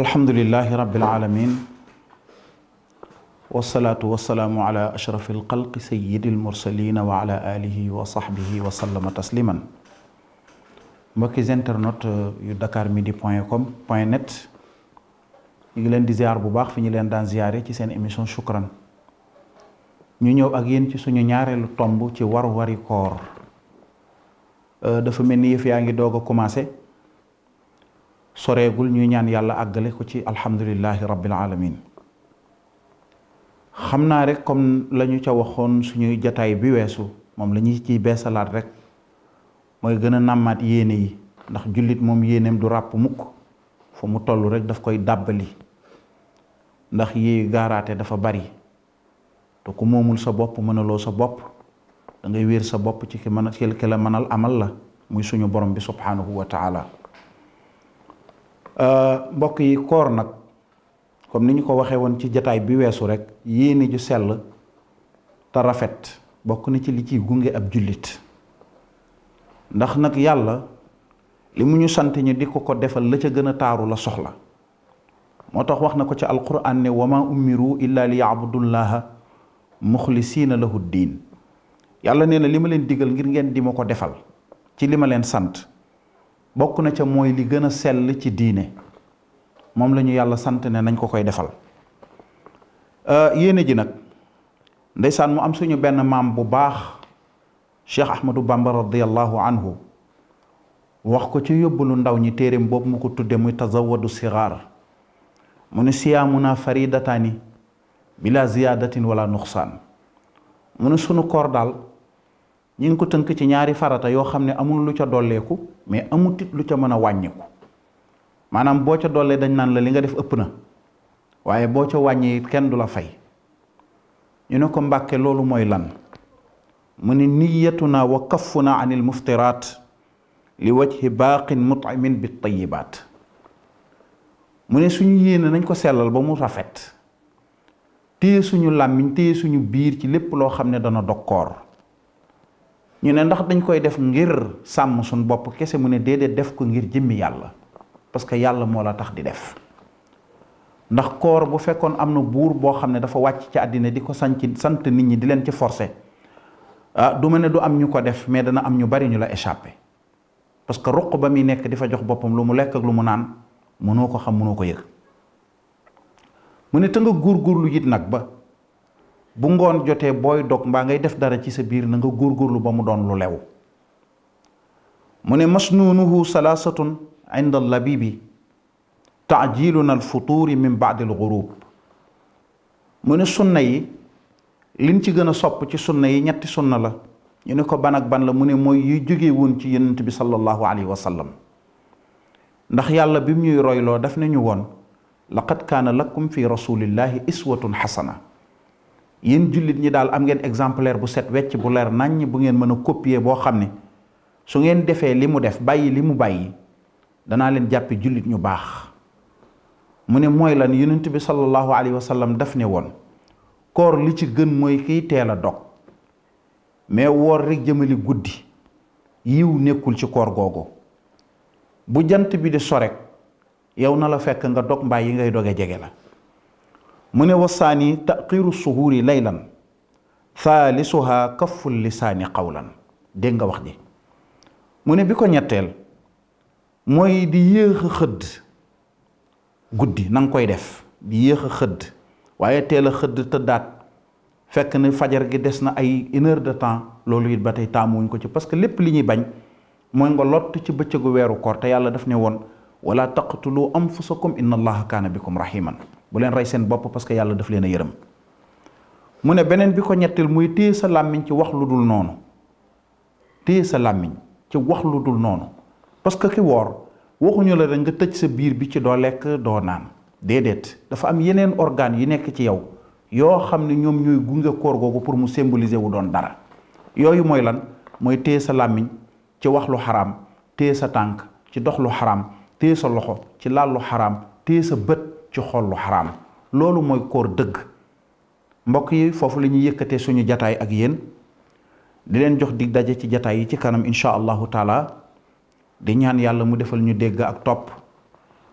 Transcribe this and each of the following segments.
alhamdulilahi rabbil alamin wasalaatu wasalaamu ala ashrafi alxalqi sayidi almursalina wa ala alihi wa sahbihi wa sallama tasliman mbokkis internet euh, yu dakar midi point com point net ñu ngi leen di ziar bu baax fi ñu leen daan ziare ci seen émission shukran ñu ñëw ak yéen ci suñu ñaareelu tomb ci war wari koor euh, dafa mel ni yëf yaa ngi doog a commencé soreegul ñuy ñaan yàlla àggale ko ci alhamdulillahi rabbil alamin xam naa rek comme la ñu ca waxoon suñuy jataay bi weesu moom la ñu ciy beesalaat rek mooy gën a nàmmaat yéene yi ndax jullit moom yéeneem du ràpp mukk fa mu toll rek daf koy dàbbali ndax yi gaaraate dafa bari te ku moomul sa bopp mënaloo sa bopp dangay wéer sa bopp ci ki mën a ki la mënal amal la muy suñu borom bi subhanahu wa taala Euh, mbokk yi koor nag comme ni ñu ko waxee woon ci jataay bi weesu rek yéene ju sell te rafet bokk na ci li ciy gunge ab jullit ndax nag yàlla li mu ñu sant ñu di ko ko defal la ca gën a taaru la soxla moo tax wax na ko ci alquran ne wa ma umiru illa li yaabudullaha muxlisiina lahu diin yàlla nee na li ma leen digal ngir ngeen di ma ko defal ci li ma leen sant bokk na ca mooy li gën a sell ci diine moom lañu yàlla sant ne nañ ko koy defal euh, yéene ji nag ndeysaan mu am suñu benn maam bu baax Cheikh Ahmadou Bamba radiallahu anhu wax ko ci yóbbalu ndaw ñi téere boobu mu ko tudde muy tazawadu sigaar mu ne siyaamuna faridataani bila ziyadatin wala nuqsaan mu ne sunu koor daal ñi ngi ko tënk ci ñaari farata yoo xam ne amul lu ca dolleeku mais amul tit lu ca mën a wàññiku maanaam boo ca dollee dañ naan la li nga def ëpp na waaye boo ca wàññi it kenn du la fay ñu ne ko mbàkke loolu mooy lan mu ne yetu niyatuna wa naa anil muftiraat li wajhi baaqin mut'imin bi tayibaat mu ne suñu yéene nañ ko sellal ba mu rafet téye suñu làmmiñ téye suñu biir ci lépp loo xam ne dana dokkoor ñu ne ndax dañ koy def ngir sàmm suñ bopp kese mu ne déedéet def ko ngir jëmmi yàlla parce que yàlla moo la tax di def ndax koor bu fekkoon am na buur boo xam ne dafa wàcc ci àddina di ko sanc sant nit ñi di leen ci forcé ah du ma ne du am ñu ko def mais dana am ñu bari ñu la échappé parce que ruq ba muy nekk di fa jox boppam lu mu lekk ak lu mu naan mënoo ko xam munoo ko yëg mu ne te nga góorgóorlu it nag ba bu ngoon jotee booy dog mbaa ngay def dara ci sa biir na góor góorlu ba mu doon lu lew mu ne masnuunuhu salaasatun inda allabibi taajiluna alfutuuri min baadi algurub mu ne sunna yi liñ ci gën a sopp ci sunna yi ñetti sunna la ñu ne ko ban ak ban la mu ne mooy yu jóge woon ci yonent bi sallallahu alayhi wa ndax yàlla bi mu ñuy royloo daf ne ñu woon laqad kaana lakum fi rasulillahi iswatun xasana yéen jullit ñi daal am ngeen exemplaire bu set wecc bu leer naññ bu ngeen mën a copier boo xam ne su ngeen defee li mu def bàyyi li mu bàyyi danaa leen jàppe jullit ñu baax mu ne mooy lan yonent bi sallallahu alayhi wa sallam daf ne woon koor li ci gën mooy kiy teel a dog mais woor rek jëmali guddi yiw nekkul ci koor googu bu jant bi di sorek yow na la fekk nga dog mbay yi ngay doge jege la mu ne wasaani taqiru suhuuri laylan thaalisuha kafful lisaani qawlan dégg nga wax ji mu ne bi ko ñetteel mooy di yéex a xëdd guddi na nga koy def di yéex a xëdd waaye teel a xëdd tëddaat fekk ne fajar gi des na ay une de temps loolu it ba tey wuñ ko ci parce que lépp li ñuy bañ mooy nga lott ci bëccëgu weeru koor te yàlla daf ne woon wala taqtulu anfusakum inna allaha kaana bikum rahiman bu leen rey seen bopp parce que yàlla daf leen a yërëm mu ne beneen bi ko ñetteel muy téye sa làmmiñ ci wax lu dul noonu téye sa làmmiñ ci wax lu dul noonu parce que ki woor waxuñu la rek nga tëj sa biir bi ci doo lekk doo naan déedéet dafa am yeneen organes yi nekk ci yow yoo xam ne ñoom ñooy gunge koor googu pour mu symboliser wu doon dara yooyu mooy lan mooy téye sa làmmiñ ci wax lu xaraam téye sa tànk ci dox lu xaraam téye sa loxo ci laal lu xaraam téye sa bët ci xol lu xaraam loolu mooy koor dëgg mbokk yi foofu lañuy ñuy yëkkatee suñu jataay ak yéen di leen jox dig daje ci jataay yi ci kanam incha allahu taala di ñaan yàlla mu defal ñu dégg ak topp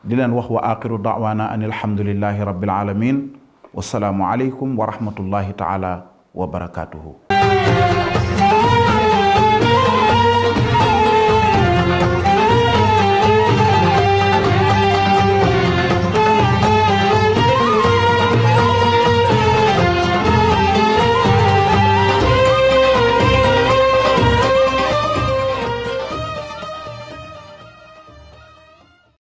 di leen wax wa aqiru daawaana an alhamdulillahi rabbil alamin wasalaamu aleykum wa rahmatullahi taala wa barakaatuhu